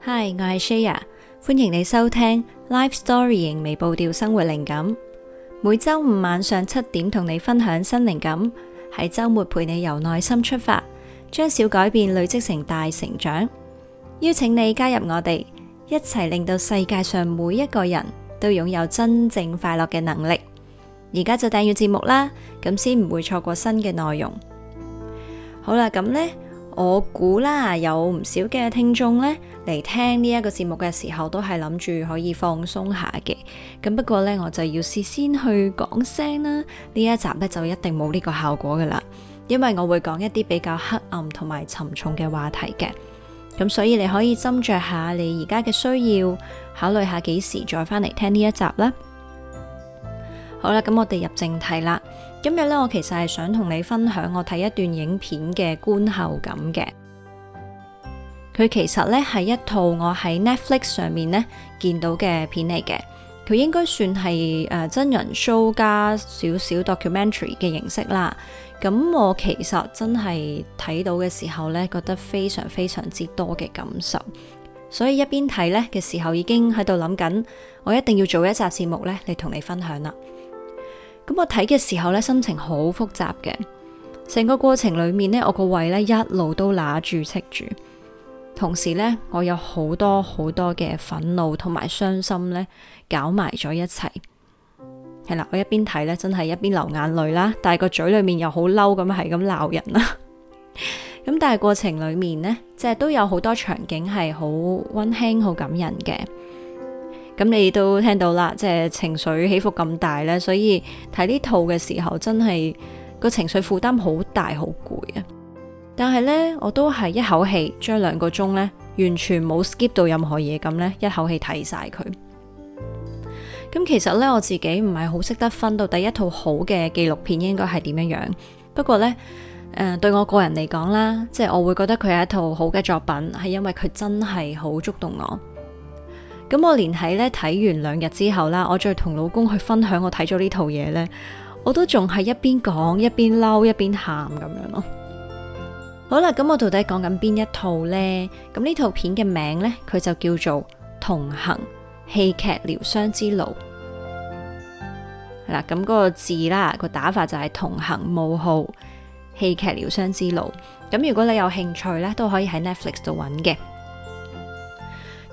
Hi，我係 Shaya，歡迎你收聽 Life Storying，微步調生活靈感，每周五晚上七點同你分享新靈感，喺周末陪你由內心出發，將小改變累積成大成長。邀請你加入我哋，一齊令到世界上每一個人都擁有真正快樂嘅能力。而家就訂閱節目啦，咁先唔會錯過新嘅內容。好啦，咁呢。我估啦，有唔少嘅聽眾呢，嚟聽呢一個節目嘅時候，都係諗住可以放鬆下嘅。咁不過呢，我就要事先去講聲啦，呢一集呢，就一定冇呢個效果㗎喇，因為我會講一啲比較黑暗同埋沉重嘅話題嘅。咁所以你可以斟酌下你而家嘅需要，考慮下幾時再返嚟聽呢一集啦。好啦，咁我哋入正題啦。今日咧，我其實係想同你分享我睇一段影片嘅觀後感嘅。佢其實咧，係一套我喺 Netflix 上面咧見到嘅片嚟嘅。佢應該算係誒、呃、真人 show 加少少 documentary 嘅形式啦。咁、嗯、我其實真係睇到嘅時候咧，覺得非常非常之多嘅感受。所以一邊睇咧嘅時候，已經喺度諗緊，我一定要做一集節目咧嚟同你分享啦。咁我睇嘅時候咧，心情好複雜嘅，成個過程裏面咧，我個胃咧一路都揦住戚住，同時呢，我有好多好多嘅憤怒同埋傷心呢，搞埋咗一齊。係啦，我一邊睇呢，真係一邊流眼淚啦，但係個嘴裏面又好嬲咁，係咁鬧人啦。咁但係過程裏面呢，即係都有好多場景係好溫馨、好感人嘅。咁你都聽到啦，即係情緒起伏咁大咧，所以睇呢套嘅時候真係個情緒負擔好大好攰啊！但係呢，我都係一口氣將兩個鐘呢，完全冇 skip 到任何嘢咁呢，一口氣睇晒佢。咁其實呢，我自己唔係好識得分到第一套好嘅紀錄片應該係點樣樣。不過呢，誒、呃、對我個人嚟講啦，即係我會覺得佢係一套好嘅作品，係因為佢真係好觸動我。咁我連喺咧睇完兩日之後啦，我再同老公去分享我睇咗呢套嘢呢，我都仲係一邊講一邊嬲一邊喊咁樣咯。好啦，咁我到底講緊邊一套呢？咁呢套片嘅名呢，佢就叫做《同行戲劇療傷之路》。係啦，咁嗰個字啦，個打法就係《同行冒號戲劇療傷之路》。咁如果你有興趣呢，都可以喺 Netflix 度搵嘅。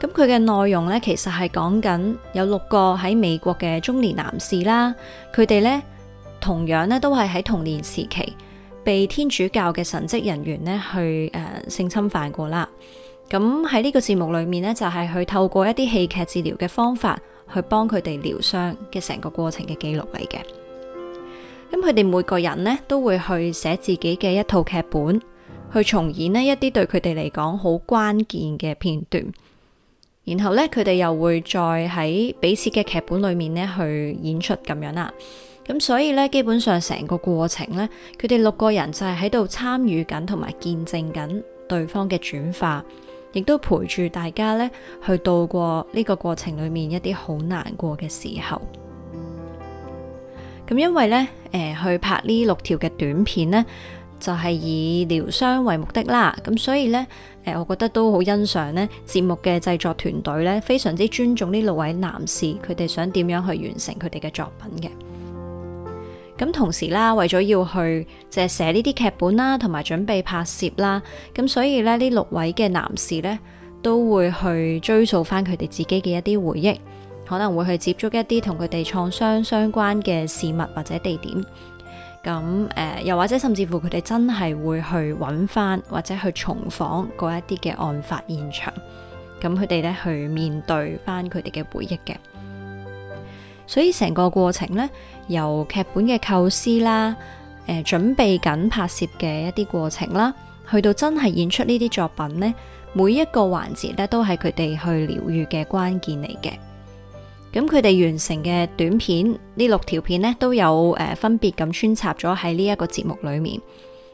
咁佢嘅內容呢，其實係講緊有六個喺美國嘅中年男士啦。佢哋呢，同樣呢，都係喺童年時期被天主教嘅神職人員呢去誒、呃、性侵犯過啦。咁喺呢個節目裏面呢，就係、是、去透過一啲戲劇治療嘅方法去幫佢哋療傷嘅成個過程嘅記錄嚟嘅。咁佢哋每個人呢，都會去寫自己嘅一套劇本去重演呢一啲對佢哋嚟講好關鍵嘅片段。然後咧，佢哋又會再喺彼此嘅劇本裏面咧去演出咁樣啦。咁所以咧，基本上成個過程咧，佢哋六個人就係喺度參與緊同埋見證緊對方嘅轉化，亦都陪住大家咧去度過呢個過程裏面一啲好難過嘅時候。咁因為咧，誒、呃、去拍呢六條嘅短片咧，就係以療傷為目的啦，咁所以呢，誒，我覺得都好欣賞呢節目嘅製作團隊呢，非常之尊重呢六位男士佢哋想點樣去完成佢哋嘅作品嘅。咁同時啦，為咗要去即係寫呢啲劇本啦，同埋準備拍攝啦，咁所以咧，呢六位嘅男士呢，都會去追溯返佢哋自己嘅一啲回憶，可能會去接觸一啲同佢哋創傷相關嘅事物或者地點。咁誒、呃，又或者甚至乎佢哋真係會去搵翻，或者去重訪嗰一啲嘅案發現場，咁佢哋咧，去面對翻佢哋嘅回憶嘅。所以成個過程呢，由劇本嘅構思啦，誒、呃，準備緊拍攝嘅一啲過程啦，去到真係演出呢啲作品呢，每一個環節咧，都係佢哋去療癒嘅關鍵嚟嘅。咁佢哋完成嘅短片呢，六條片呢，都有誒、呃、分別咁穿插咗喺呢一個節目裏面。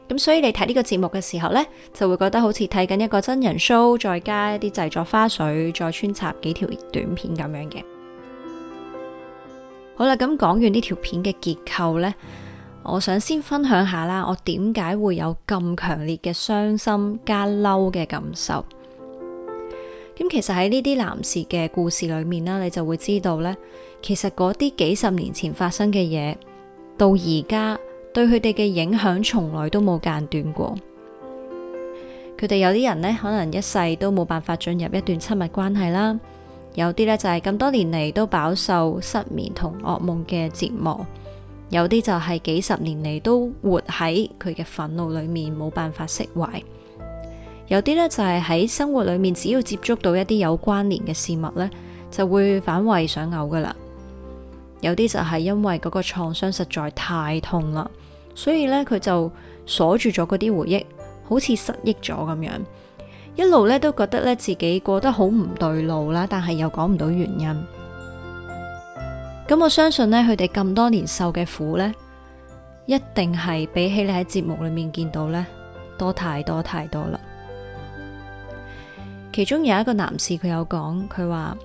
咁所以你睇呢個節目嘅時候呢，就會覺得好似睇緊一個真人 show，再加一啲製作花絮，再穿插幾條短片咁樣嘅。好啦，咁講完呢條片嘅結構呢，我想先分享下啦，我點解會有咁強烈嘅傷心加嬲嘅感受。咁其實喺呢啲男士嘅故事裏面啦，你就會知道咧，其實嗰啲幾十年前發生嘅嘢，到而家對佢哋嘅影響從來都冇間斷過。佢哋有啲人呢，可能一世都冇辦法進入一段親密關係啦；有啲咧就係咁多年嚟都飽受失眠同噩夢嘅折磨；有啲就係幾十年嚟都活喺佢嘅憤怒裏面，冇辦法釋懷。有啲咧就係喺生活裏面，只要接觸到一啲有關聯嘅事物咧，就會反胃想嘔噶啦。有啲就係因為嗰個創傷實在太痛啦，所以咧佢就鎖住咗嗰啲回憶，好似失憶咗咁樣，一路咧都覺得咧自己過得好唔對路啦，但係又講唔到原因。咁我相信呢，佢哋咁多年受嘅苦咧，一定係比起你喺節目裏面見到咧多太多太多啦。其中有一個男士，佢有講，佢話：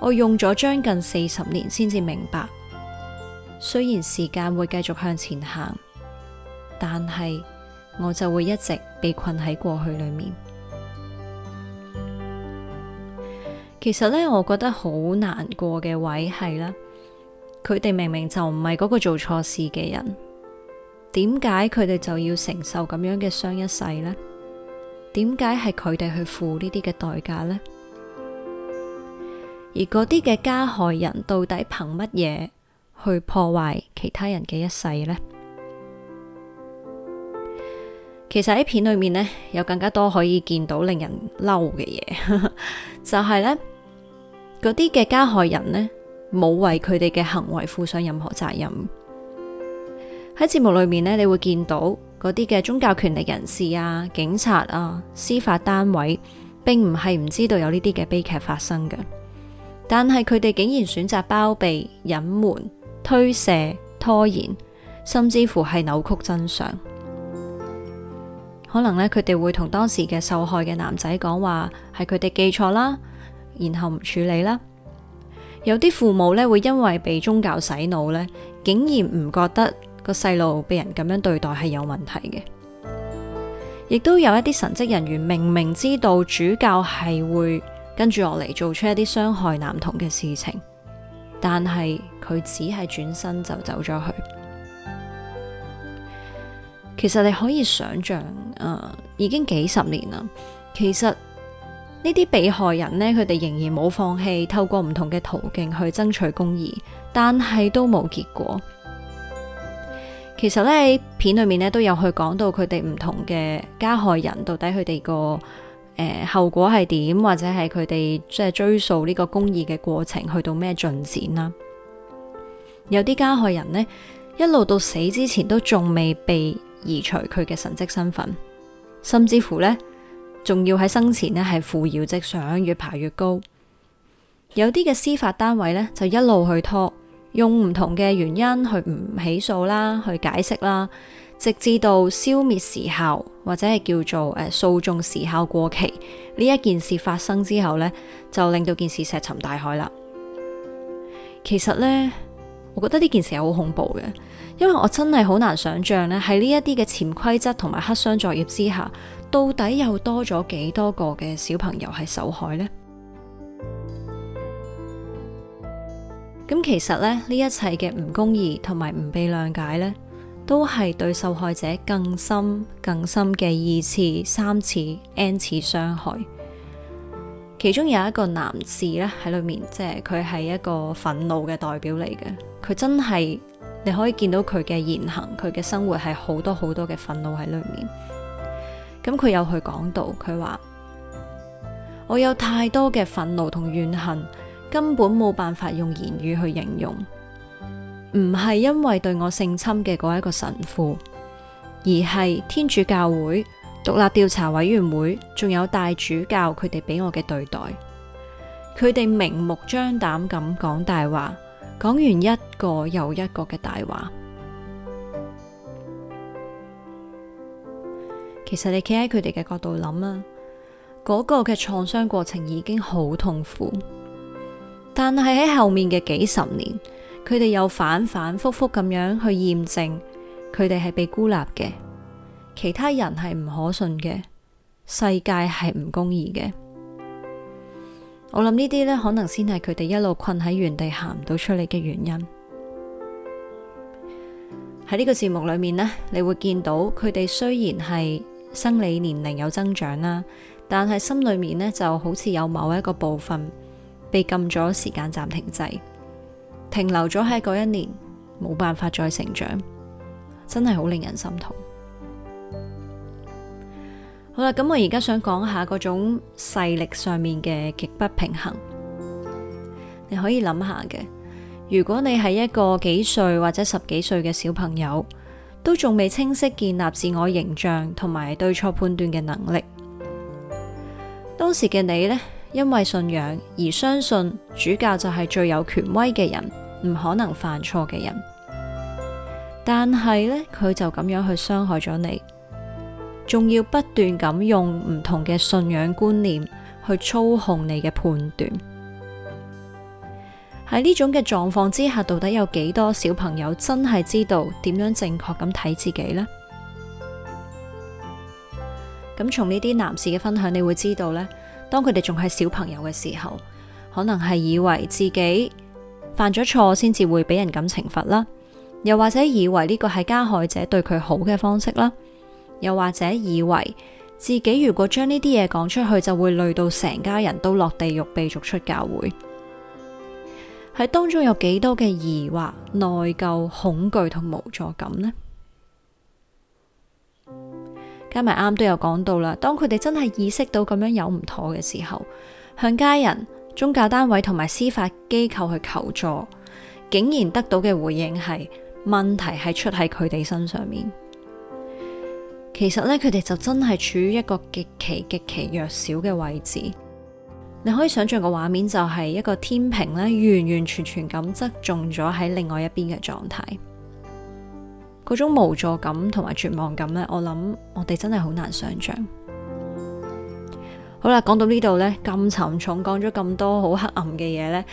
我用咗將近四十年先至明白，雖然時間會繼續向前行，但係我就會一直被困喺過去裏面。其實呢，我覺得好難過嘅位係啦，佢哋明明就唔係嗰個做錯事嘅人，點解佢哋就要承受咁樣嘅傷一世呢？點解係佢哋去付呢啲嘅代價呢？而嗰啲嘅加害人到底憑乜嘢去破壞其他人嘅一世呢？其實喺片裏面呢，有更加多可以見到令人嬲嘅嘢， 就係呢。嗰啲嘅加害人呢，冇為佢哋嘅行為負上任何責任。喺節目裏面呢，你會見到。嗰啲嘅宗教權力人士啊、警察啊、司法單位並唔係唔知道有呢啲嘅悲劇發生嘅，但係佢哋竟然選擇包庇、隱瞞、推卸、拖延，甚至乎係扭曲真相。可能呢，佢哋會同當時嘅受害嘅男仔講話，係佢哋記錯啦，然後唔處理啦。有啲父母呢，會因為被宗教洗腦呢，竟然唔覺得。個細路被人咁樣對待係有問題嘅，亦都有一啲神職人員明明知道主教係會跟住落嚟做出一啲傷害男童嘅事情，但係佢只係轉身就走咗去。其實你可以想象，誒、啊，已經幾十年啦。其實呢啲被害人呢，佢哋仍然冇放棄透過唔同嘅途徑去爭取公義，但係都冇結果。其實咧，喺片裏面咧都有去講到佢哋唔同嘅加害人，到底佢哋個誒後果係點，或者係佢哋即係追訴呢個公義嘅過程去到咩進展啦。有啲加害人呢，一路到死之前都仲未被移除佢嘅神職身份，甚至乎呢，仲要喺生前咧係扶搖直上，越爬越高。有啲嘅司法單位呢，就一路去拖。用唔同嘅原因去唔起訴啦，去解釋啦，直至到消滅時效或者係叫做誒訴訟時效過期呢一件事發生之後呢，就令到件事石沉大海啦。其實呢，我覺得呢件事係好恐怖嘅，因為我真係好難想象呢，喺呢一啲嘅潛規則同埋黑箱作業之下，到底又多咗幾多個嘅小朋友係受害呢？咁其實咧，呢一切嘅唔公義同埋唔被諒解呢，都係對受害者更深更深嘅二次、三次、n 次傷害。其中有一個男士呢，喺裏面，即係佢係一個憤怒嘅代表嚟嘅。佢真係你可以見到佢嘅言行，佢嘅生活係好多好多嘅憤怒喺裏面。咁佢有去講到，佢話我有太多嘅憤怒同怨恨。根本冇辦法用言語去形容，唔係因為對我性侵嘅嗰一個神父，而係天主教會獨立調查委員會，仲有大主教佢哋俾我嘅對待，佢哋明目張膽咁講大話，講完一個又一個嘅大話。其實你企喺佢哋嘅角度諗啊，嗰個嘅創傷過程已經好痛苦。但係喺後面嘅幾十年，佢哋又反反復復咁樣去驗證，佢哋係被孤立嘅，其他人係唔可信嘅，世界係唔公義嘅。我諗呢啲呢，可能先係佢哋一路困喺原地行唔到出嚟嘅原因。喺呢個節目裏面呢，你會見到佢哋雖然係生理年齡有增長啦，但係心裏面呢，就好似有某一個部分。被禁咗時間暫停制，停留咗喺嗰一年，冇辦法再成長，真係好令人心痛。好啦，咁我而家想講下嗰種勢力上面嘅極不平衡，你可以諗下嘅。如果你係一個幾歲或者十幾歲嘅小朋友，都仲未清晰建立自我形象同埋對錯判斷嘅能力，當時嘅你呢？因為信仰，而相信主教就係最有權威嘅人，唔可能犯錯嘅人。但係呢，佢就咁樣去傷害咗你，仲要不斷咁用唔同嘅信仰觀念去操控你嘅判斷。喺呢種嘅狀況之下，到底有幾多小朋友真係知道點樣正確咁睇自己呢？咁從呢啲男士嘅分享，你會知道呢。當佢哋仲係小朋友嘅時候，可能係以為自己犯咗錯先至會俾人咁懲罰啦，又或者以為呢個係加害者對佢好嘅方式啦，又或者以為自己如果將呢啲嘢講出去，就會累到成家人都落地獄，被逐出教會。喺當中有幾多嘅疑惑、內疚、恐懼同無助感呢？加埋啱都有講到啦，當佢哋真係意識到咁樣有唔妥嘅時候，向家人、宗教單位同埋司法機構去求助，竟然得到嘅回應係問題係出喺佢哋身上面。其實咧，佢哋就真係處於一個極其極其弱小嘅位置。你可以想象個畫面就係一個天平咧，完完全全咁側重咗喺另外一邊嘅狀態。嗰種無助感同埋絕望感呢，我諗我哋真係好難想象好啦，講到呢度呢，咁沉重，講咗咁多好黑暗嘅嘢呢，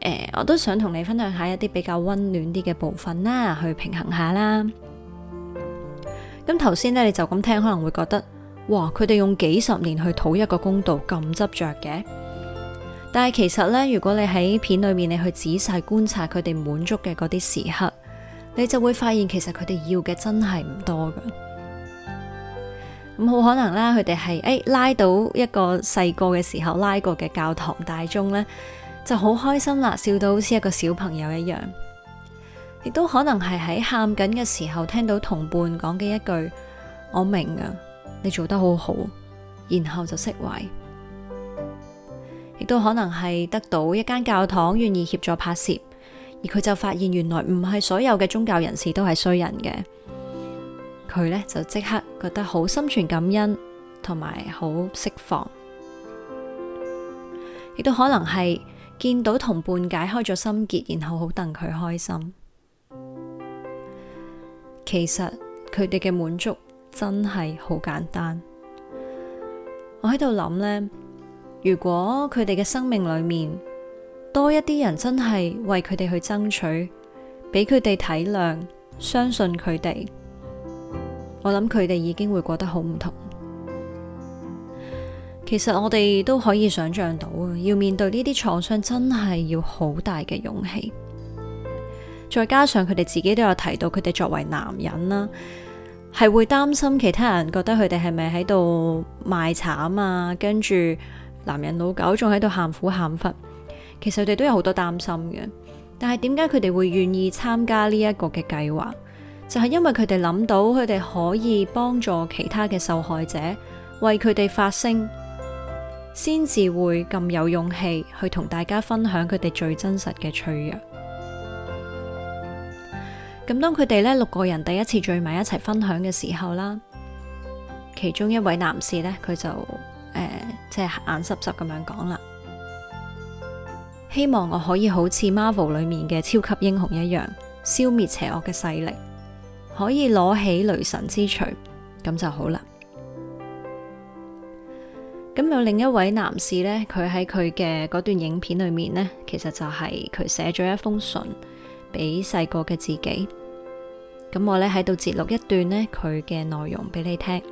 誒，我都想同你分享下一啲比較溫暖啲嘅部分啦，去平衡下啦。咁頭先呢，你就咁聽，可能會覺得，哇，佢哋用幾十年去討一,一個公道，咁執着嘅。但係其實呢，如果你喺片裏面你去仔細觀察佢哋滿足嘅嗰啲時刻，你就會發現，其實佢哋要嘅真係唔多㗎，咁好可能啦，佢哋係誒拉到一個細個嘅時候拉過嘅教堂大鐘咧，就好開心啦，笑到好似一個小朋友一樣，亦都可能係喺喊緊嘅時候聽到同伴講嘅一句：我明啊，你做得好好，然後就釋懷，亦都可能係得到一間教堂願意協助拍攝。而佢就發現原來唔係所有嘅宗教人士都係衰人嘅，佢呢，就即刻覺得好心存感恩，同埋好釋放，亦都可能係見到同伴解開咗心結，然後好戥佢開心。其實佢哋嘅滿足真係好簡單。我喺度諗呢：如果佢哋嘅生命裏面，多一啲人真係為佢哋去爭取，俾佢哋體諒，相信佢哋。我諗佢哋已經會覺得好唔同。其實我哋都可以想象到要面對呢啲創傷，真係要好大嘅勇氣。再加上佢哋自己都有提到，佢哋作為男人啦，係會擔心其他人覺得佢哋係咪喺度賣慘啊？跟住男人老狗仲喺度喊苦喊屈。其實佢哋都有好多擔心嘅，但係點解佢哋會願意參加呢一個嘅計劃？就係因為佢哋諗到佢哋可以幫助其他嘅受害者，為佢哋發聲，先至會咁有勇氣去同大家分享佢哋最真實嘅脆弱。咁當佢哋呢六個人第一次聚埋一齊分享嘅時候啦，其中一位男士呢，佢就呃，即係眼濕濕咁樣講啦。希望我可以好似 Marvel 裏面嘅超級英雄一樣，消滅邪惡嘅勢力，可以攞起雷神之錘，咁就好啦。咁有另一位男士呢，佢喺佢嘅嗰段影片裏面呢，其實就係佢寫咗一封信俾細個嘅自己。咁我呢，喺度截錄一段呢，佢嘅內容俾你聽。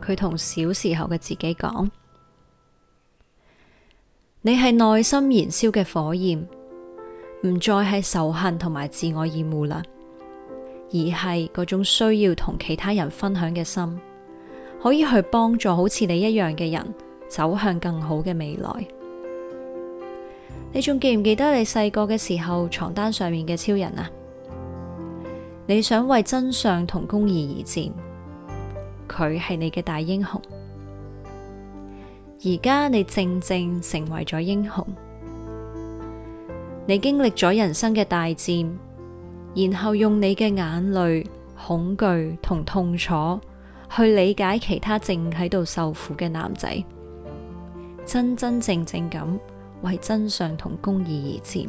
佢同小時候嘅自己講。你係內心燃燒嘅火焰，唔再係仇恨同埋自我厭惡啦，而係嗰種需要同其他人分享嘅心，可以去幫助好似你一樣嘅人走向更好嘅未來。你仲記唔記得你細個嘅時候床單上面嘅超人啊？你想為真相同公義而戰，佢係你嘅大英雄。而家你正正成為咗英雄，你經歷咗人生嘅大戰，然後用你嘅眼淚、恐懼同痛楚去理解其他正喺度受苦嘅男仔，真真正正咁為真相同公義而戰。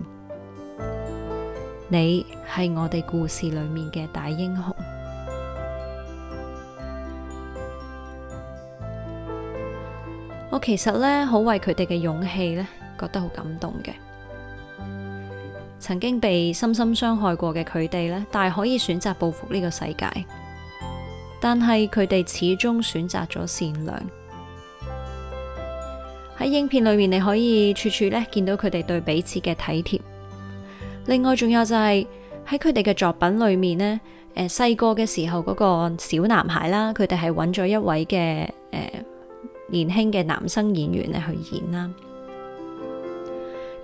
你係我哋故事裏面嘅大英雄。我其實咧，好為佢哋嘅勇氣咧，覺得好感動嘅。曾經被深深傷害過嘅佢哋咧，大可以選擇報復呢個世界，但係佢哋始終選擇咗善良。喺影片裏面，你可以處處呢見到佢哋對彼此嘅體貼。另外，仲有就係喺佢哋嘅作品裏面呢，誒、呃，細個嘅時候嗰個小男孩啦，佢哋係揾咗一位嘅誒。呃年輕嘅男生演員咧去演啦，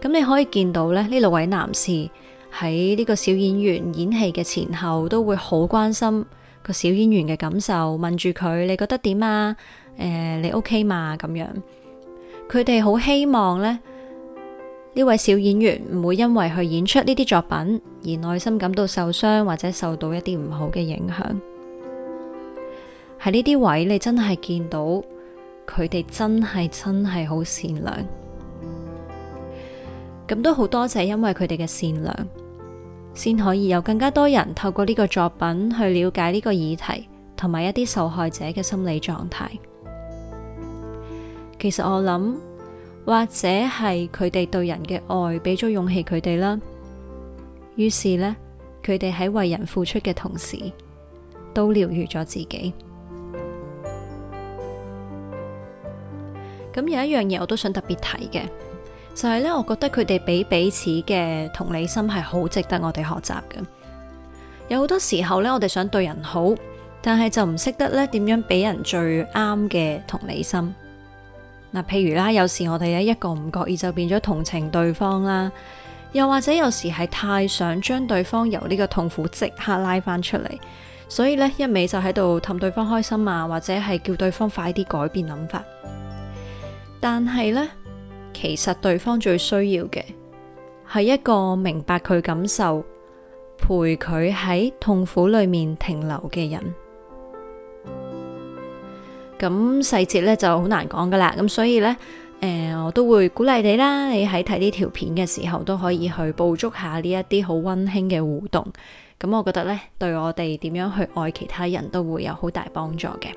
咁你可以見到咧，呢六位男士喺呢個小演員演戲嘅前後都會好關心個小演員嘅感受，問住佢，你覺得點啊？誒、呃，你 OK 嘛？咁樣，佢哋好希望咧呢位小演員唔會因為佢去演出呢啲作品而內心感到受傷或者受到一啲唔好嘅影響。喺呢啲位，你真係見到。佢哋真係真係好善良，咁都好多謝，因為佢哋嘅善良，先可以有更加多人透過呢個作品去了解呢個議題，同埋一啲受害者嘅心理狀態。其實我諗，或者係佢哋對人嘅愛，俾咗勇氣佢哋啦。於是呢，佢哋喺為人付出嘅同時，都療癒咗自己。咁有一樣嘢，我都想特別提嘅，就係咧，我覺得佢哋俾彼此嘅同理心係好值得我哋學習嘅。有好多時候咧，我哋想對人好，但係就唔識得咧點樣俾人最啱嘅同理心嗱。譬如啦，有時我哋一個唔覺意就變咗同情對方啦，又或者有時係太想將對方由呢個痛苦即刻拉翻出嚟，所以咧一味就喺度氹對方開心啊，或者係叫對方快啲改變諗法。但係呢，其實對方最需要嘅係一個明白佢感受、陪佢喺痛苦裏面停留嘅人。咁細節咧就好難講噶啦，咁所以呢，誒、呃，我都會鼓勵你啦。你喺睇呢條片嘅時候，都可以去捕捉下呢一啲好溫馨嘅互動。咁我覺得呢，對我哋點樣去愛其他人都會有好大幫助嘅。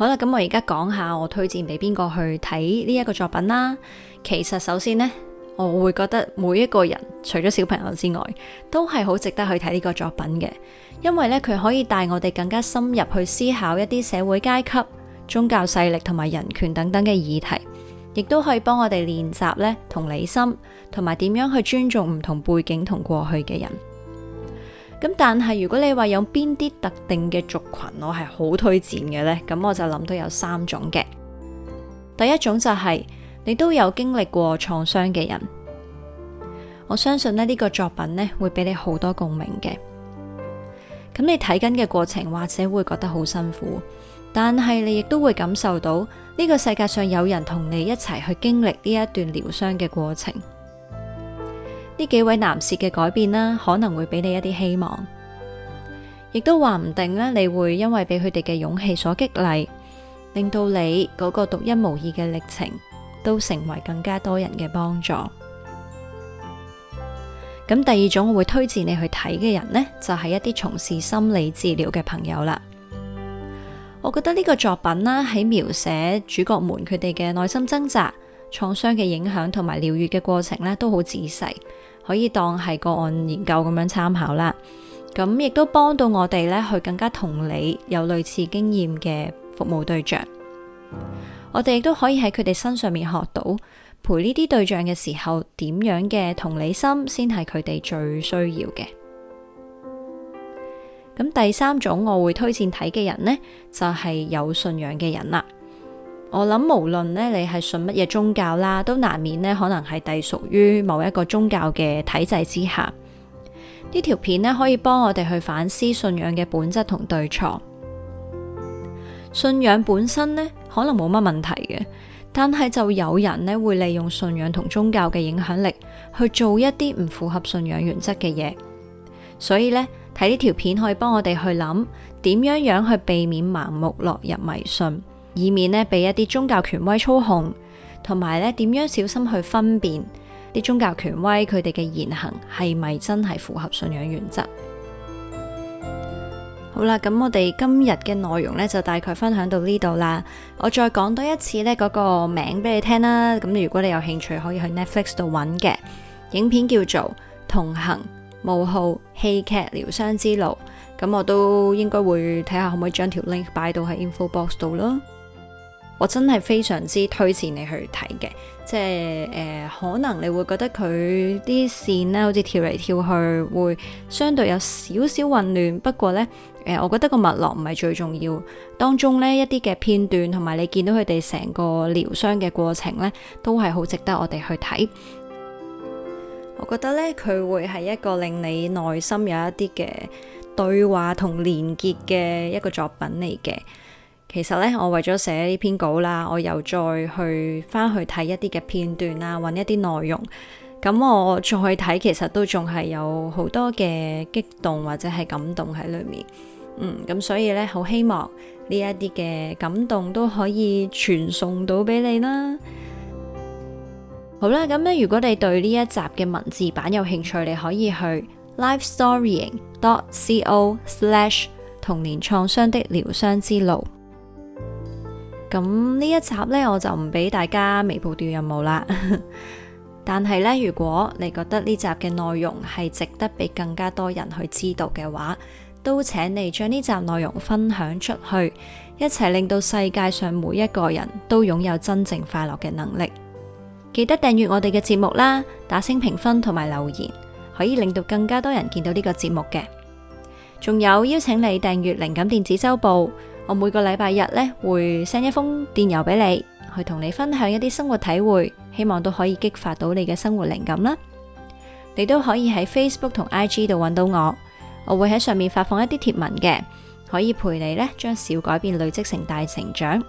好啦，咁我而家講下我推薦俾邊個去睇呢一個作品啦。其實首先呢，我會覺得每一個人除咗小朋友之外，都係好值得去睇呢個作品嘅，因為咧，佢可以帶我哋更加深入去思考一啲社會階級、宗教勢力同埋人權等等嘅議題，亦都可以幫我哋練習咧同理心，同埋點樣去尊重唔同背景同過去嘅人。咁但係如果你話有邊啲特定嘅族群我係好推薦嘅呢？咁我就諗到有三種嘅。第一種就係、是、你都有經歷過創傷嘅人，我相信咧呢、呢個作品咧會俾你好多共鳴嘅。咁你睇緊嘅過程或者會覺得好辛苦，但係你亦都會感受到呢、呢個世界上有人同你一齊去經歷呢一段療傷嘅過程。呢幾位男士嘅改變啦，可能會俾你一啲希望，亦都話唔定咧。你會因為俾佢哋嘅勇氣所激勵，令到你嗰個獨一無二嘅歷程都成為更加多人嘅幫助。咁第二種我會推薦你去睇嘅人呢，就係一啲從事心理治療嘅朋友啦。我覺得呢個作品啦，喺描寫主角們佢哋嘅內心掙扎、創傷嘅影響同埋療癒嘅過程呢，都好仔細。可以當係個案研究咁樣參考啦，咁亦都幫到我哋咧去更加同理有類似經驗嘅服務對象。我哋亦都可以喺佢哋身上面學到陪呢啲對象嘅時候，點樣嘅同理心先係佢哋最需要嘅。咁第三種我會推薦睇嘅人呢，就係有信仰嘅人啦。我諗無論咧你係信乜嘢宗教啦，都難免咧可能係隸屬於某一個宗教嘅體制之下。呢條片咧可以幫我哋去反思信仰嘅本質同對錯。信仰本身咧可能冇乜問題嘅，但係就有人咧會利用信仰同宗教嘅影響力去做一啲唔符合信仰原則嘅嘢。所以呢，睇呢條片可以幫我哋去諗點樣樣去避免盲目落入迷信。以免呢被一啲宗教權威操控，同埋呢點樣小心去分辨啲宗教權威佢哋嘅言行係咪真係符合信仰原則。 好啦，咁我哋今日嘅內容呢就大概分享到呢度啦。我再講多一次呢嗰個名俾你聽啦。咁如果你有興趣，可以去 Netflix 度揾嘅影片叫做《同行冒號戲劇療傷之路》。咁我都應該會睇下可唔可以將條 link 擺到喺 info box 度啦。我真係非常之推薦你去睇嘅，即係誒、呃，可能你會覺得佢啲線咧，好似跳嚟跳去，會相對有少少混亂。不過呢，誒、呃，我覺得個脈絡唔係最重要，當中呢，一啲嘅片段，同埋你見到佢哋成個療傷嘅過程呢，都係好值得我哋去睇。我覺得呢，佢會係一個令你內心有一啲嘅對話同連結嘅一個作品嚟嘅。其實咧，我為咗寫呢篇稿啦，我又再去翻去睇一啲嘅片段啦，揾一啲內容。咁我再去睇，其實都仲係有好多嘅激動或者係感動喺裏面。嗯，咁所以咧，好希望呢一啲嘅感動都可以傳送到俾你啦。好啦，咁咧，如果你對呢一集嘅文字版有興趣，你可以去 lifestorying.co/ 童年創傷的療傷之路。咁呢一集呢，我就唔俾大家微博掉任務啦。 但係呢，如果你覺得呢集嘅內容係值得俾更加多人去知道嘅話，都請你將呢集內容分享出去，一齊令到世界上每一個人都擁有真正快樂嘅能力。記得訂閱我哋嘅節目啦，打星評分同埋留言，可以令到更加多人見到呢個節目嘅。仲有，邀請你訂閱靈感電子周報。我每個禮拜日呢，會 send 一封電郵俾你，去同你分享一啲生活體會，希望都可以激發到你嘅生活靈感啦。你都可以喺 Facebook 同 IG 度揾到我，我會喺上面發放一啲貼文嘅，可以陪你呢，將小改變累積成大成長。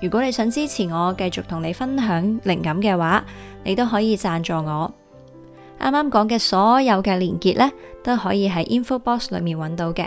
如果你想支持我繼續同你分享靈感嘅話，你都可以贊助我。啱啱講嘅所有嘅連結呢，都可以喺 info box 裏面揾到嘅。